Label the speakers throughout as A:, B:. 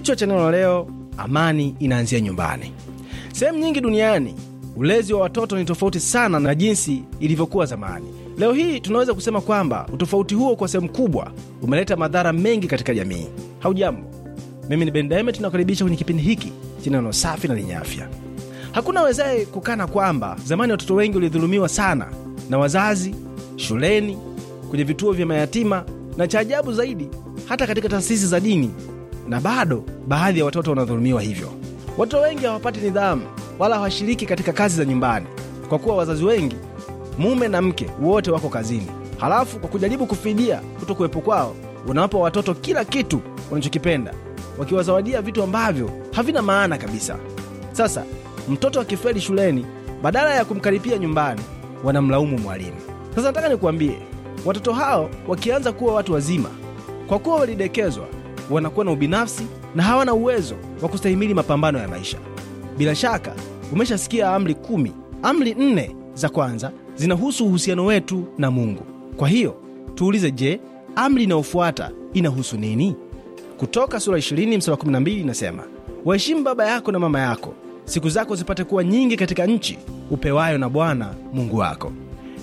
A: Kichwa cha neno la leo, amani inaanzia nyumbani. Sehemu nyingi duniani ulezi wa watoto ni tofauti sana na jinsi ilivyokuwa zamani. Leo hii tunaweza kusema kwamba utofauti huo kwa sehemu kubwa umeleta madhara mengi katika jamii. Haujambo, mimi ni Ben tunakaribisha kwenye kipindi hiki chenye neno safi na lenye afya. Hakuna wezaye kukana kwamba zamani watoto wengi walidhulumiwa sana na wazazi, shuleni, kwenye vituo vya mayatima na cha ajabu zaidi, hata katika taasisi za dini na bado baadhi ya watoto wanadhulumiwa hivyo. Watoto wengi hawapati nidhamu wala hawashiriki katika kazi za nyumbani, kwa kuwa wazazi wengi, mume na mke, wote wako kazini. Halafu kwa kujaribu kufidia kuwepo kwao, unawapa watoto kila kitu wanachokipenda, wakiwazawadia vitu ambavyo havina maana kabisa. Sasa mtoto akifeli shuleni, badala ya kumkaripia nyumbani, wanamlaumu mwalimu. Sasa nataka nikuambie, watoto hao wakianza kuwa watu wazima, kwa kuwa walidekezwa wanakuwa na ubinafsi na hawana uwezo wa kustahimili mapambano ya maisha. Bila shaka umeshasikia amri kumi. Amri nne za kwanza zinahusu uhusiano wetu na Mungu. Kwa hiyo tuulize, je, amri inayofuata inahusu nini? Kutoka sura 20 mstari 12 inasema, waheshimu baba yako na mama yako, siku zako zipate kuwa nyingi katika nchi upewayo na Bwana Mungu wako.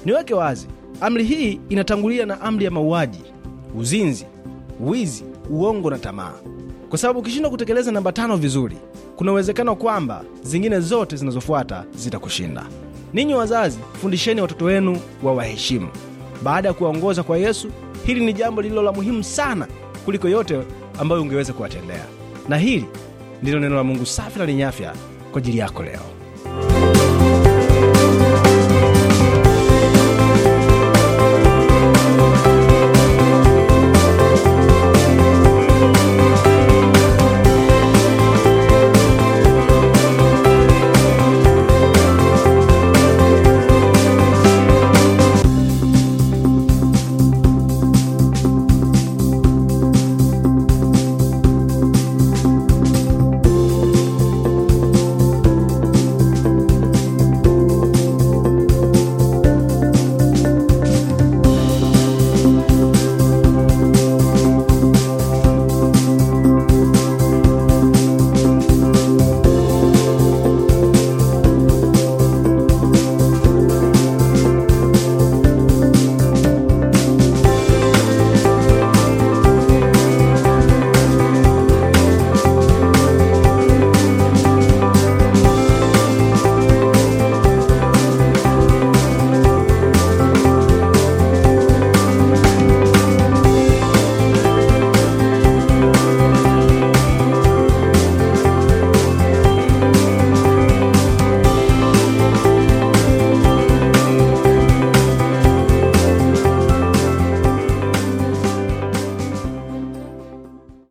A: Niweke wazi, amri hii inatangulia na amri ya mauaji, uzinzi, wizi, uongo na tamaa, kwa sababu ukishindwa kutekeleza namba tano vizuri, kuna uwezekano kwamba zingine zote zinazofuata zitakushinda. Ninyi wazazi, fundisheni watoto wenu wawaheshimu baada ya kuwaongoza kwa Yesu. Hili ni jambo lililo la muhimu sana kuliko yote ambayo ungeweza kuwatendea, na hili ndilo neno la Mungu safi na lenye afya kwa ajili yako leo.